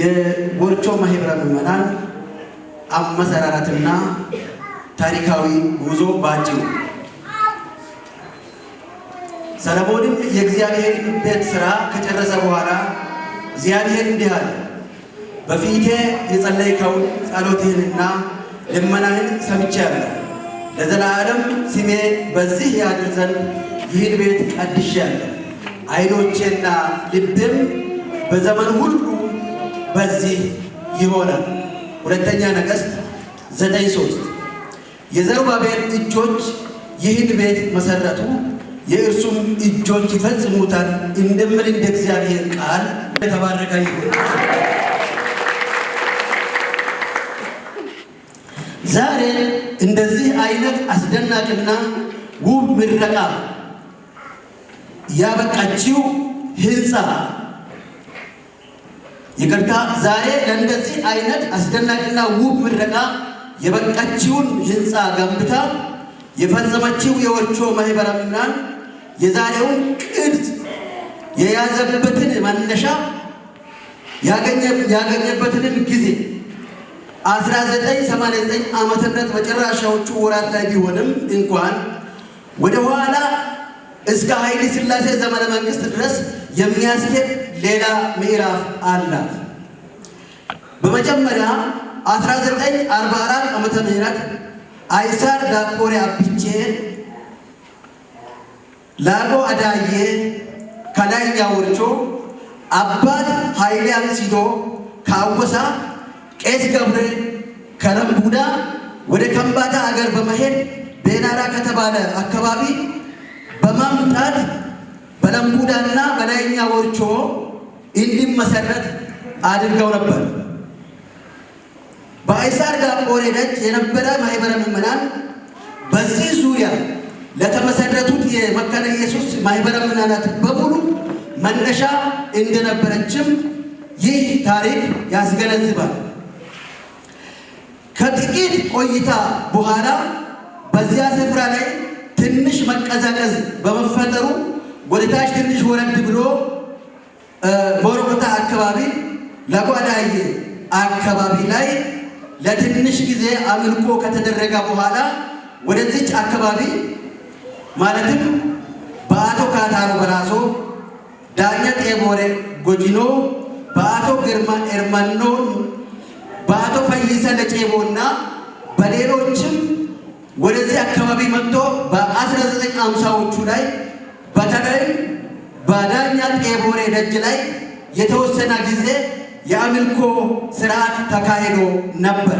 የወርቾ ማህበረ ምዕመናን አመሰራረትና ታሪካዊ ጉዞ ባጭሩ ሰለሞንም የእግዚአብሔር ቤት ሥራ ከጨረሰ በኋላ እግዚአብሔር እንዲህ አለ፣ በፊቴ የጸለይከው ጸሎትህንና ልመናህን ሰምቻለሁ። ለዘላለም ስሜ በዚህ ያድር ዘንድ ይህን ቤት ያለ። ዓይኖቼና ልብም በዘመን ሁሉ በዚህ ይሆናል። ሁለተኛ ነገሥት ዘጠኝ ሶስት የዘሩባቤል እጆች ይህን ቤት መሰረቱ፣ የእርሱም እጆች ይፈጽሙታል እንደምል እንደ እግዚአብሔር ቃል የተባረከ ይሁን። ዛሬ እንደዚህ አይነት አስደናቂና ውብ ምረቃ ያበቃችው ህንፃ ይቅርታ ዛሬ ለእንደዚህ አይነት አስደናቂና ውብ ምረቃ የበቃችውን ህንፃ ገንብታ የፈጸመችው የወቾ ማህበረ ምዕመናን የዛሬውን ቅርጽ የያዘበትን መነሻ ያገኘበትንም ጊዜ 1989 ዓመተ ምህረት መጨረሻዎቹ ወራት ላይ ቢሆንም እንኳን ወደ ኋላ እስከ ኃይለ ሥላሴ ዘመነ መንግስት ድረስ የሚያስኬድ ሌላ ምዕራፍ አላት። በመጀመሪያ 1944 ዓመተ ምህረት አይሳር ዳቆሪ አብቼ ላጎ አዳዬ ከላይ ያወርቾ አባት ኃይሌ አንሲዶ ከአወሳ ቄስ ገብሬ ከረምቡዳ ወደ ከምባታ አገር በመሄድ ቤናራ ከተባለ አካባቢ በማምጣት በለምቡዳና በላይኛ ወርቾ እንዲመሰረት አድርገው ነበር። በአይሳር ዳቆሬ ነች የነበረ ማህበረ ምዕመናን በዚህ ዙሪያ ለተመሰረቱት የመካነ ኢየሱስ ማህበረ ምዕመናት በሙሉ መነሻ እንደነበረችም ይህ ታሪክ ያስገነዝባል። ከጥቂት ቆይታ በኋላ በዚያ ስፍራ ላይ ትንሽ መቀዛቀዝ በመፈጠሩ ወደ ታች ትንሽ ወረድ ብሎ ቦርቁታ አካባቢ ለጓዳይ አካባቢ ላይ ለትንሽ ጊዜ አምልኮ ከተደረገ በኋላ ወደዚች አካባቢ ማለትም በአቶ ካታሩ በራሶ፣ ዳኛ ጤቦሬ ጎጂኖ፣ በአቶ ግርማ ኤርመኖ፣ በአቶ ፈይሰ ለጬቦና በሌሎችም ወደዚህ አካባቢ መጥቶ በ1950ዎቹ ላይ በተለይ በአዳኛ ጤቦሬ ደጅ ላይ የተወሰነ ጊዜ የአምልኮ ስርዓት ተካሂዶ ነበር።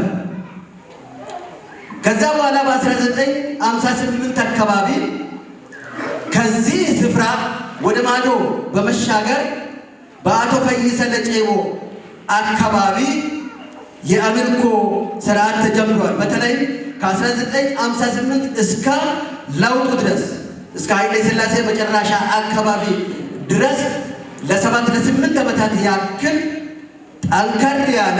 ከዛ በኋላ በ1958 አካባቢ ከዚህ ስፍራ ወደ ማዶ በመሻገር በአቶ ፈይሰ ለጬቦ አካባቢ የአምልኮ ስርዓት ተጀምሯል። በተለይ ከ1958 እስከ ለውጡ ድረስ እስከ ኃይለ ሥላሴ መጨረሻ አካባቢ ድረስ ለሰባት ለስምንት ዓመታት ያክል ጠንከር ያለ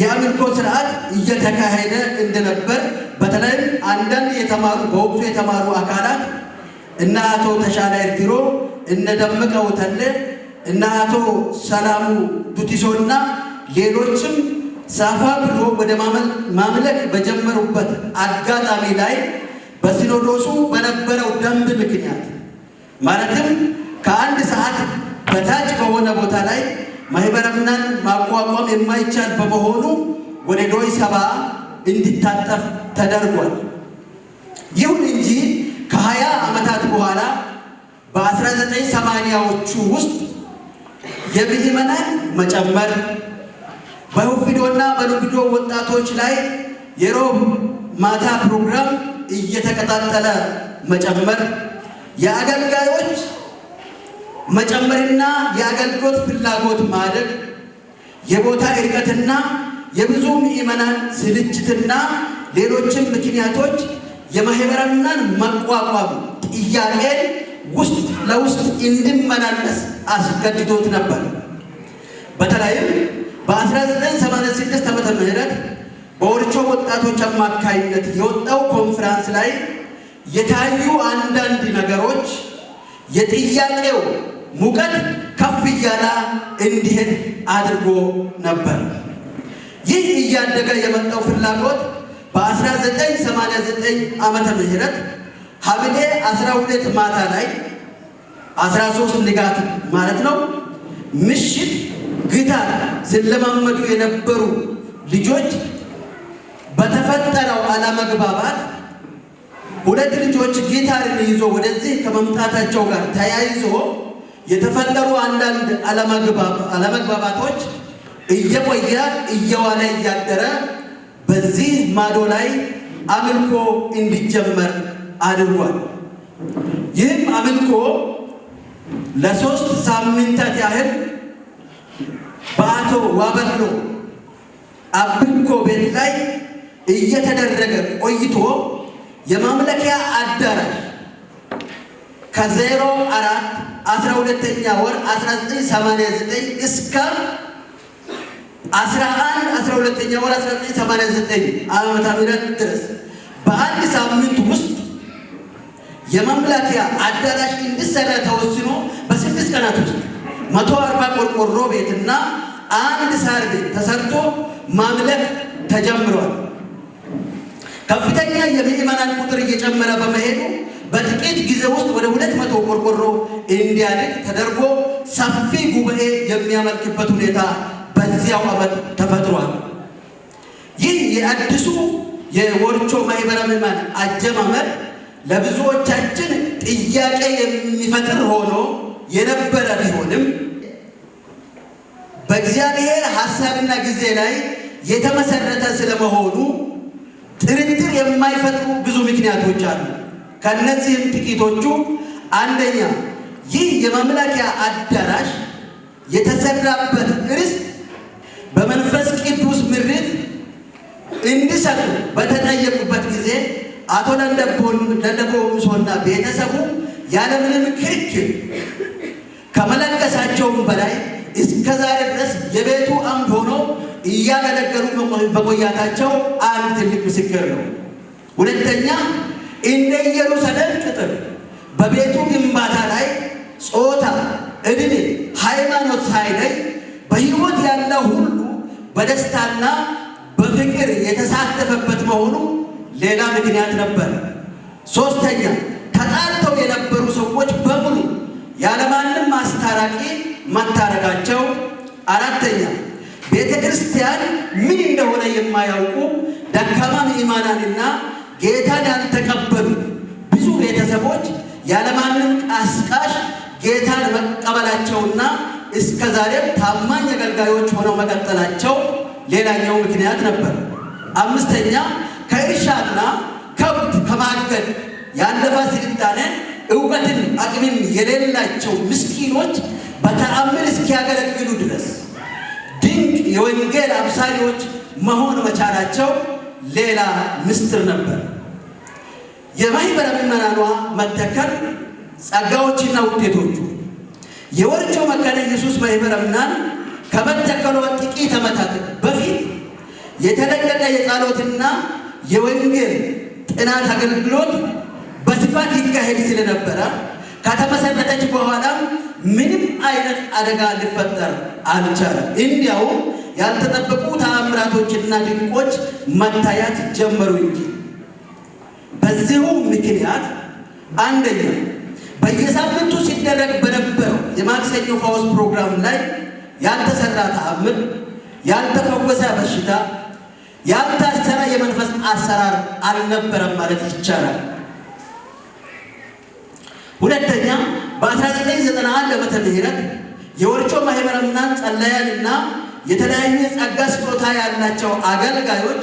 የአምልኮ ስርዓት እየተካሄደ እንደነበር በተለይም አንዳንድ የተማሩ በወቅቱ የተማሩ አካላት እና አቶ ተሻለ ኤርትሮ እነ ደምቀው ተለ እና አቶ ሰላሙ ዱቲሶና ሌሎችም ሳፋ ብሎ ወደ ማምለክ በጀመሩበት አጋጣሚ ላይ በሲኖዶሱ በነበረው ደንብ ምክንያት ማለትም ከአንድ ሰዓት በታች በሆነ ቦታ ላይ ማህበረ ምዕመናን ማቋቋም የማይቻል በመሆኑ ወደ ዶይ ሰባ እንዲታጠፍ ተደርጓል። ይሁን እንጂ ከሀያ ዓመታት በኋላ በ1980ዎቹ ውስጥ የምዕመናን መጨመር በሁፊዶና በንግዶ ወጣቶች ላይ የሮብ ማታ ፕሮግራም እየተከታተለ መጨመር የአገልጋዮች መጨመርና የአገልግሎት ፍላጎት ማደግ የቦታ እርቀትና የብዙ ምዕመናን ስልጭትና ሌሎችን ምክንያቶች የማህበረናን መቋቋም ጥያቄን ውስጥ ለውስጥ እንዲመላለስ አስገድዶት ነበር። በተለይም በ1986 ዓ ም በወርቾ ወጣቶች አማካይነት የወጣው ኮንፈረንስ ላይ የታዩ አንዳንድ ነገሮች የጥያቄው ሙቀት ከፍ እያለ እንዲሄድ አድርጎ ነበር። ይህ እያደገ የመጣው ፍላጎት በ1989 ዓመተ ምህረት ሐምሌ 12 ማታ ላይ 13 ንጋት ማለት ነው ምሽት ግታ ስለማመዱ የነበሩ ልጆች በተፈጠረው አለመግባባት ሁለት ልጆች ጊታርን ይዞ ወደዚህ ከመምጣታቸው ጋር ተያይዞ የተፈጠሩ አንዳንድ አለመግባባቶች እየቆየ እየዋለ እያደረ በዚህ ማዶ ላይ አምልኮ እንዲጀመር አድርጓል። ይህም አምልኮ ለሶስት ሳምንታት ያህል በአቶ ዋበሎ አብኮ ቤት ላይ እየተደረገ ቆይቶ የማምለኪያ አዳራሽ ከዜሮ አራት አስራ ሁለተኛ ወር አስራ ዘጠኝ ሰማንያ ዘጠኝ እስከ አስራ አንድ አስራ ሁለተኛ ወር አስራ ዘጠኝ ሰማንያ ዘጠኝ ዓመተ ምህረት ድረስ በአንድ ሳምንት ውስጥ የማምለኪያ አዳራሽ እንዲሰራ ተወስኖ በስድስት ቀናት ውስጥ መቶ አርባ ቆርቆሮ ቤትና አንድ ሳር ቤት ተሰርቶ ማምለክ ተጀምሯል። ከፍተኛ የምዕመናን ቁጥር እየጨመረ በመሄዱ በጥቂት ጊዜ ውስጥ ወደ ሁለት መቶ ቆርቆሮ እንዲያድግ ተደርጎ ሰፊ ጉባኤ የሚያመልክበት ሁኔታ በዚያው ዓመት ተፈጥሯል። ይህ የአዲሱ የወርቾ ማኅበረ ምዕመናን አጀማመር ለብዙዎቻችን ጥያቄ የሚፈጥር ሆኖ የነበረ ቢሆንም በእግዚአብሔር ሀሳብና ጊዜ ላይ የተመሰረተ ስለመሆኑ ጥርጥር የማይፈጥሩ ብዙ ምክንያቶች አሉ። ከነዚህም ጥቂቶቹ አንደኛ፣ ይህ የመምለኪያ አዳራሽ የተሰራበት ርስት በመንፈስ ቅዱስ ምሪት እንዲሰጡ በተጠየቁበት ጊዜ አቶ ደንደቆምሶና ቤተሰቡ ያለምንም ክርክር ከመለከሳቸውም በላይ እስከ ዛሬ ድረስ የቤቱ አምድ ሆኖ እያገለገሉ በቆያታቸው አንድ ትልቅ ምስክር ነው። ሁለተኛ እንደ ኢየሩሳሌም ቅጥር በቤቱ ግንባታ ላይ ጾታ፣ እድሜ፣ ሃይማኖት ሳይለይ በሕይወት ያለው ሁሉ በደስታና በፍቅር የተሳተፈበት መሆኑ ሌላ ምክንያት ነበር። ሦስተኛ ተጣልተው የነበሩ ሰዎች በሙሉ ያለማንም አስታራቂ መታረቃቸው። አራተኛ ቤተ ክርስቲያን ምን እንደሆነ የማያውቁ ደካማ ምዕማናንና ጌታን ያልተቀበሉ ብዙ ቤተሰቦች ያለማንም ቀስቃሽ ጌታን መቀበላቸውና እስከ ዛሬም ታማኝ አገልጋዮች ሆነው መቀጠላቸው ሌላኛው ምክንያት ነበር። አምስተኛ ከእርሻና ከብት ከማገድ ያለፈ ስልጣኔን፣ እውቀትን፣ አቅምን የሌላቸው ምስኪኖች በተአምር እስኪያገለግሉ ድረስ ድንቅ የወንጌል አብሳሪዎች መሆን መቻላቸው ሌላ ምስጢር ነበር። የማኅበረ ምዕመናኗ መተከል ጸጋዎችና ውጤቶቹ የወርጮ መካነ ኢየሱስ ማኅበረ ምዕመናን ከመተከሏ ጥቂት ዓመታት በፊት የተለቀቀ የጸሎትና የወንጌል ጥናት አገልግሎት በስፋት ይካሄድ ስለነበረ ከተመሰረተች በኋላም ምንም አይነት አደጋ ሊፈጠር አልቻለም። እንዲያውም ያልተጠበቁ ተአምራቶችና ድንቆች መታያት ጀመሩ እንጂ። በዚሁ ምክንያት አንደኛ በየሳምንቱ ሲደረግ በነበረው የማክሰኞ ፈውስ ፕሮግራም ላይ ያልተሰራ ተአምር፣ ያልተፈወሰ በሽታ፣ ያልታሰረ የመንፈስ አሰራር አልነበረም ማለት ይቻላል። ሁለተኛ በ1991 ዓመተ ምህረት የወርጮ ማህበረና ጸላያንና የተለያዩ የጸጋ ስጦታ ያላቸው አገልጋዮች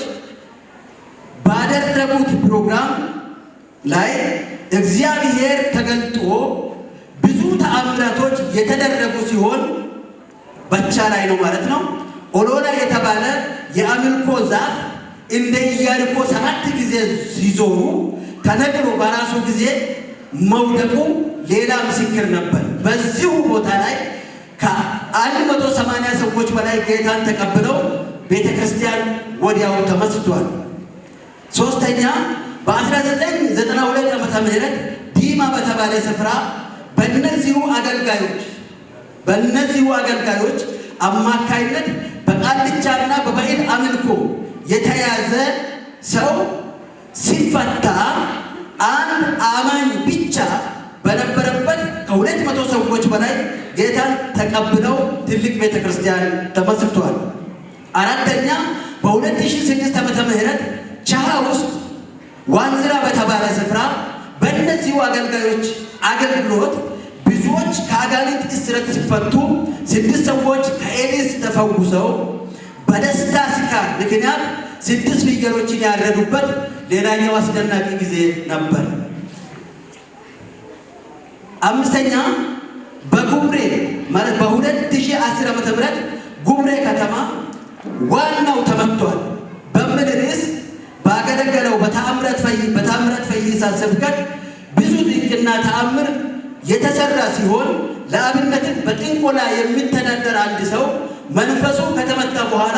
ባደረጉት ፕሮግራም ላይ እግዚአብሔር ተገልጦ ብዙ ተአምራቶች የተደረጉ ሲሆን በቻ ላይ ነው ማለት ነው። ኦሎላ የተባለ የአምልኮ ዛፍ እንደ ኢያሪኮ ሰባት ጊዜ ሲዞሩ ተነቅሎ በራሱ ጊዜ መውደቁ ሌላ ምስክር ነበር። በዚሁ ቦታ ላይ ከአንድ መቶ ሰማንያ ሰዎች በላይ ጌታን ተቀብለው ቤተ ክርስቲያን ወዲያው ተመስቷል። ሶስተኛ በ1992 ዓመተ ምህረት ዲማ በተባለ ስፍራ በእነዚሁ አገልጋዮች በእነዚሁ አገልጋዮች አማካይነት በቃልቻና በባዕድ አምልኮ የተያዘ ሰው ሲፈታ አንድ አማኝ በላይ ጌታን ተቀብለው ትልቅ ቤተ ክርስቲያን ተመስርቷል። አራተኛ በ2006 ዓመተ ምህረት ቻሃ ውስጥ ዋንዝራ በተባለ ስፍራ በእነዚሁ አገልጋዮች አገልግሎት ብዙዎች ከአጋንንት እስረት ሲፈቱ፣ ስድስት ሰዎች ከኤድስ ተፈውሰው በደስታ ስካር ምክንያት ስድስት ፍየሎችን ያረዱበት ሌላኛው አስደናቂ ጊዜ ነበር። አምስተኛ በጉምሬ ማለት በ አስር ዓመተ ምህረት ጉምሬ ከተማ ዋናው ተመቷል በሚል ርዕስ ባገለገለው በታምራት ፈይሳ ስብከት ብዙ ድንቅና ተአምር የተሰራ ሲሆን ለአብነትም በጥንቆላ የሚተዳደር አንድ ሰው መንፈሱ ከተመታ በኋላ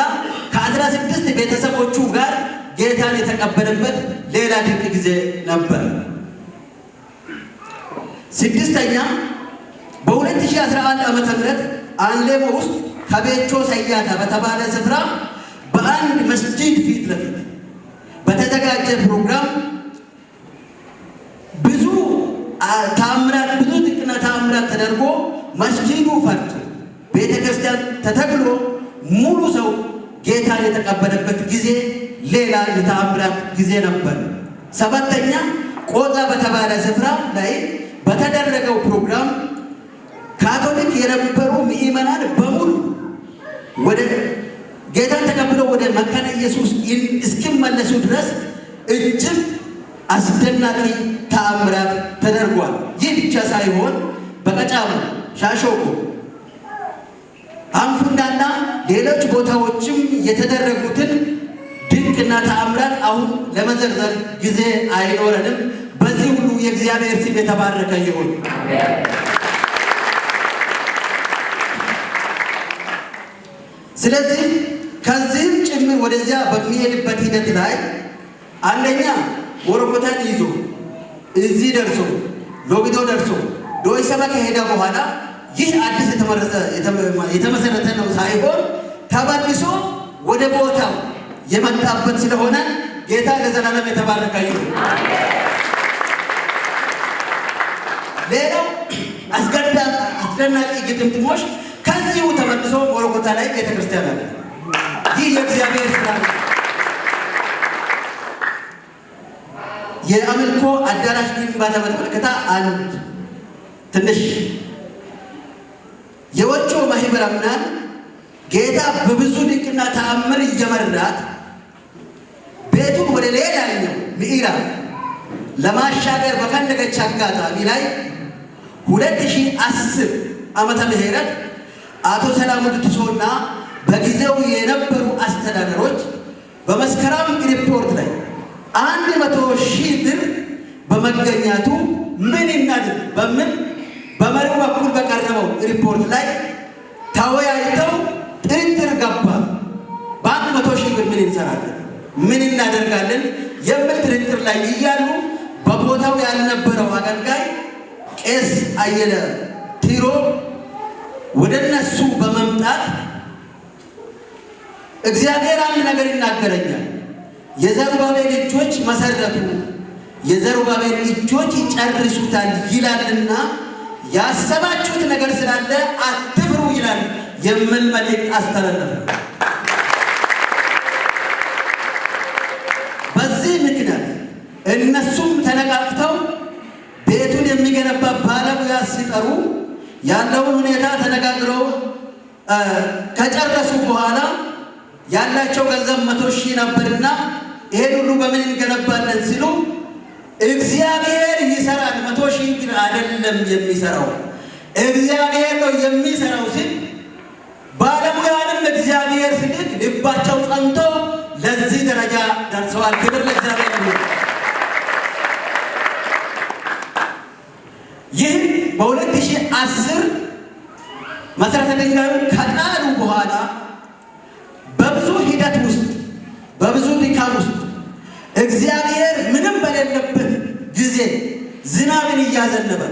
ከአስራ ስድስት ቤተሰቦቹ ጋር ጌታን የተቀበለበት ሌላ ድንቅ ጊዜ ነበር። ስድስተኛ በ2011 ዓ.ም አንሌሞ ውስጥ ከቤቾ ሰያታ በተባለ ስፍራ በአንድ መስጂድ ፊት ለፊት በተዘጋጀ ፕሮግራም ብዙ ታምራት ብዙ ጥቅና ታምራት ተደርጎ መስጂዱ ፈርቶ ቤተ ክርስቲያን ተተክሎ ሙሉ ሰው ጌታን የተቀበለበት ጊዜ ሌላ የተአምራት ጊዜ ነበር። ሰባተኛ ቆጣ በተባለ ስፍራ ላይ በተደረገው ፕሮግራም ካቶሊክ የነበሩ ምእመናን በሙሉ ወደ ጌታን ተቀብለው ወደ መካነ ኢየሱስ እስኪመለሱ ድረስ እጅግ አስደናቂ ተአምራት ተደርጓል። ይህ ብቻ ሳይሆን በቀጫሙ፣ ሻሾቁ፣ አንፉናና ሌሎች ቦታዎችም የተደረጉትን ድንቅና ተአምራት አሁን ለመዘርዘር ጊዜ አይኖረንም። በዚህ ሁሉ የእግዚአብሔር ስም የተባረከ ይሁን። ስለዚህ ከዚህም ጭምር ወደዚያ በሚሄድበት ሂደት ላይ አንደኛ ወረኮታን ይዞ እዚህ ደርሶ ሎቢዶ ደርሶ ዶይሰባ ከሄደ በኋላ ይህ አዲስ የተመሰረተ ነው ሳይሆን ተመልሶ ወደ ቦታው የመጣበት ስለሆነ ጌታ ለዘላለም የተባረከ ይሁን። ሌላ አስገዳ አስደናቂ ግጥምጥሞች እዚሁ ተመልሶ ሞሮኮታ ላይ ቤተክርስቲያን አለ። ይህ የእግዚአብሔር ስራ የአምልኮ አዳራሽ ግንባታ በተመለከተ አንድ ትንሽ የወጮ ማህበር አምናን ጌታ በብዙ ድንቅና ተአምር እየመራት ቤቱን ወደ ሌላኛው ምዕራፍ ለማሻገር በፈለገች አጋጣሚ ላይ 2010 ዓመተ ምህረት አቶ ሰላሙ ድትሾና በጊዜው የነበሩ አስተዳደሮች በመስከረም ሪፖርት ላይ አንድ መቶ ሺህ ብር በመገኛቱ ምን እናድርግ በምን በመሪው በኩል በቀረበው ሪፖርት ላይ ተወያይተው ጥርጥር ገባ። በአንድ መቶ ሺህ ብር ምን እንሰራለን፣ ምን እናደርጋለን የሚል ጥርጥር ላይ እያሉ በቦታው ያልነበረው አገልጋይ ቄስ አየለ ቲሮ ወደ እነሱ በመምጣት እግዚአብሔር አንድ ነገር ይናገረኛል። የዘሩባቤል እጆች መሰረቱ፣ የዘሩባቤል እጆች ይጨርሱታል ይላልና ያሰባችሁት ነገር ስላለ አትፍሩ ይላል የሚል መልእክት አስተላለፈ። በዚህ ምክንያት እነሱም ተነቃቅተው ቤቱን የሚገነባ ባለሙያ ሲጠሩ ያለውን ሁኔታ ተነጋግረው ከጨረሱ በኋላ ያላቸው ገንዘብ መቶ ሺህ ነበርና ይሄን ሁሉ በምን እንገነባለን ሲሉ እግዚአብሔር ይሰራል፣ መቶ ሺህ ግን አይደለም የሚሰራው እግዚአብሔር ነው የሚሰራው ሲል ባለሙያንም እግዚአብሔር ሲል ልባቸው ጸንቶ ለዚህ ደረጃ ደርሰዋል። ክብር ለእግዚአብሔር። መሰረተ ድንጋዩን ከጣሉ በኋላ በብዙ ሂደት ውስጥ በብዙ ድካም ውስጥ እግዚአብሔር ምንም በሌለበት ጊዜ ዝናብን እያዘነበ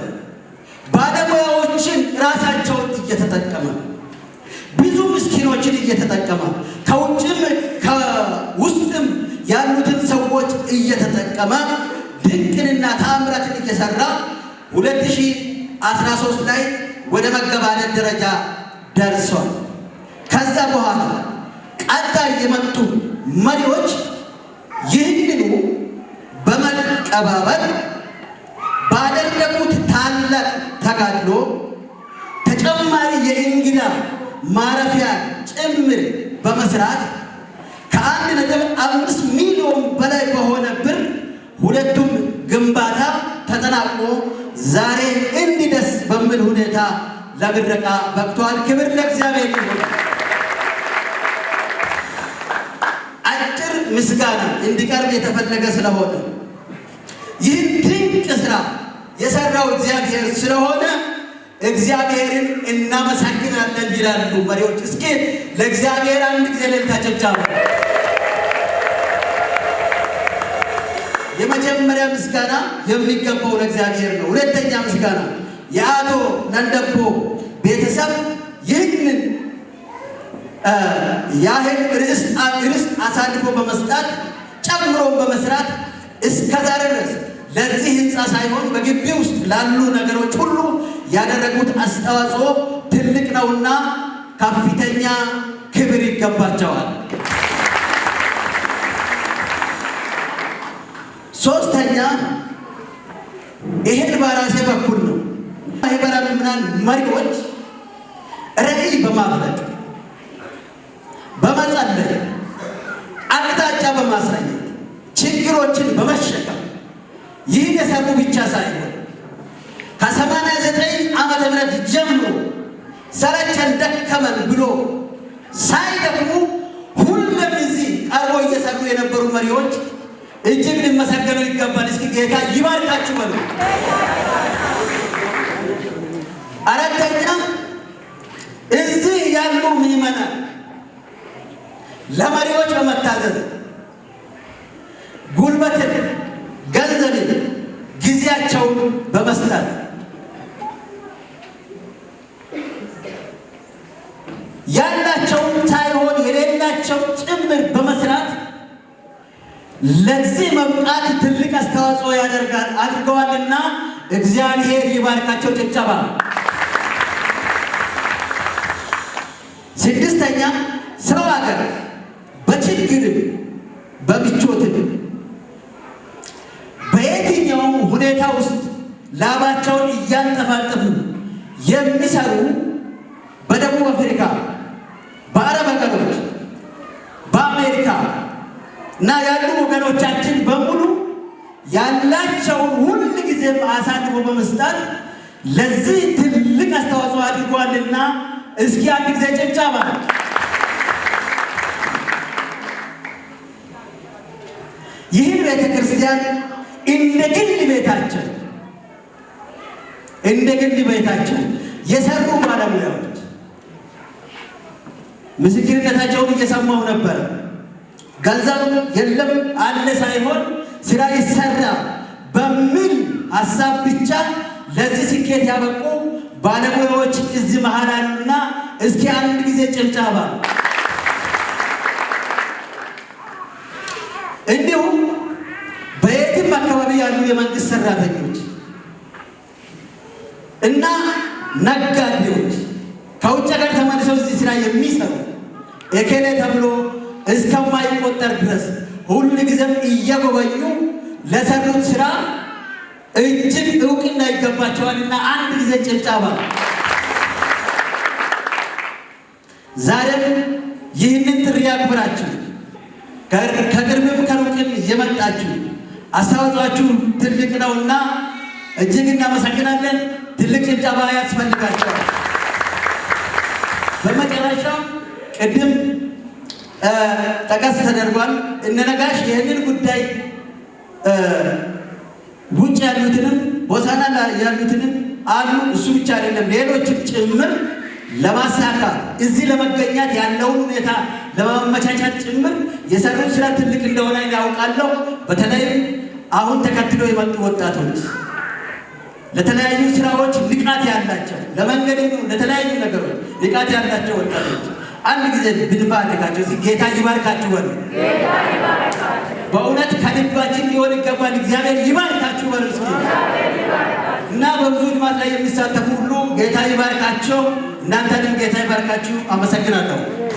ባለሙያዎችን ራሳቸውን እየተጠቀመ ብዙ ምስኪኖችን እየተጠቀመ ከውጭም ከውስጥም ያሉትን ሰዎች እየተጠቀመ ድንቅንና ታምረትን እየሰራ 2013 ላይ ወደ መገባደድ ደረጃ ደርሷል። ከዛ በኋላ ቀጣይ የመጡ መሪዎች ይህንኑ በመቀባበል ባደረጉት ታላቅ ተጋድሎ ተጨማሪ የእንግዳ ማረፊያ ጭምር በመስራት ከአንድ ነጥብ አምስት ሚሊዮን በላይ በሆነ ብር ሁለቱም ግንባታ ተጠናቆ ዛሬ እንዲደስ በሚል ሁኔታ ለምረቃ በቅቷል። ክብር ለእግዚአብሔር ይሁን። አጭር ምስጋና እንዲቀርብ የተፈለገ ስለሆነ ይህን ድንቅ ስራ የሰራው እግዚአብሔር ስለሆነ እግዚአብሔርን እናመሰግናለን ይላሉ መሪዎች። እስኪ ለእግዚአብሔር አንድ ጊዜ ነው። የመጀመሪያ ምስጋና የሚገባው ለእግዚአብሔር ነው። ሁለተኛ ምስጋና የአቶ ነንደቦ ቤተሰብ ይህንን ያህል ርስት አሳልፎ በመስጣት ጨምሮ በመስራት እስከዛሬ ድረስ ለዚህ ህንፃ ሳይሆን በግቢ ውስጥ ላሉ ነገሮች ሁሉ ያደረጉት አስተዋጽኦ ትልቅ ነውና ከፍተኛ ክብር ይገባቸዋል። ሶስተኛ ይሄን በራሴ በኩል ነው። ማህበረ ምናን መሪዎች ራዕይ በማፍለቅ በመጸለይ አቅጣጫ በማሳየት ችግሮችን በመሸከም ይህን የሰሩ ብቻ ሳይሆን ከሰማንያ ዘጠኝ ዓመተ ምህረት ጀምሮ ሰለቸን ደከመን ብሎ ሳይደክሙ ሁሉም እዚህ ቀርቦ እየሰሩ የነበሩ መሪዎች እጅግ ልመሰገነው ይገባል። እስኪ ጌታ ይባርካችሁ በሉ። አራተኛ እዚህ ያሉ ምዕመናን ለመሪዎች በመታዘዝ ለዚህ መብቃት ትልቅ አስተዋጽኦ ያደርጋል አድርገዋልና እግዚአብሔር ይባርካቸው። ጭብጨባ። ስድስተኛ ሰው ሀገር በችግርም በምቾትም በየትኛው ሁኔታ ውስጥ ላባቸውን እያንጠፋጠፉ የሚሰሩ በደቡብ አፍሪካ፣ በአረብ ሀገሮች፣ በአሜሪካ እና ያሉ ወገኖቻችን በሙሉ ያላቸውን ሁል ጊዜ አሳልፎ በመስጠት ለዚህ ትልቅ አስተዋጽኦ አድርጓልና እስኪ አንድ ጊዜ ጭብጨባ ይህን ቤተ ክርስቲያን እንደ ግል ቤታቸው እንደ ግል ቤታቸው የሰሩ ባለሙያዎች ምስክርነታቸውን እየሰማሁ ነበር። ገንዘብ የለም አለ ሳይሆን ስራ ይሰራ በሚል ሀሳብ ብቻ ለዚህ ስኬት ያበቁ ባለሙያዎች እዚህ መሀል እስኪ አንድ ጊዜ ጭብጨባ። እንዲሁም በየትም አካባቢ ያሉ የመንግስት ሰራተኞች እና ነጋዴዎች ከውጭ ሀገር ተመልሰው እዚህ ስራ የሚሰሩ ኤኬሌ ተብሎ እስከማይቆጠር ድረስ ሁሉ ጊዜም እየጎበኙ ለሰሩት ስራ እጅግ እውቅና ይገባቸዋልና አንድ ጊዜ ጭብጨባ። ዛሬም ይህንን ጥሪ አክብራችሁ ከቅርብም ከሩቅም የመጣችሁ አስተዋጽኦአችሁ ትልቅ ነውና እጅግ እናመሰግናለን። ትልቅ ጭብጨባ ያስፈልጋቸዋል። በመጨረሻ ቅድም ጠቀስ ተደርጓል። እነ ነጋሽ ይህንን ጉዳይ ውጭ ያሉትንም ቦሳና ያሉትንም አሉ። እሱ ብቻ አይደለም፣ ሌሎችም ጭምር ለማሳካት እዚህ ለመገኛት ያለውን ሁኔታ ለማመቻቻት ጭምር የሰሩት ስራ ትልቅ እንደሆነ ያውቃለሁ። በተለይም አሁን ተከትሎ የመጡ ወጣቶች ለተለያዩ ስራዎች ንቃት ያላቸው ለመንገድ፣ ለተለያዩ ነገሮች ንቃት ያላቸው ወጣቶች አንድ ጊዜ ብንባርካቸው እስኪ ጌታ ይባርካችሁ በሉ። በእውነት ከልባችን ሊሆን ይገባል። እግዚአብሔር ይባርካችሁ በሉ እስኪ እና በብዙ ልማት ላይ የሚሳተፉ ሁሉ ጌታ ይባርካቸው። እናንተንም ጌታ ይባርካችሁ። አመሰግናለሁ።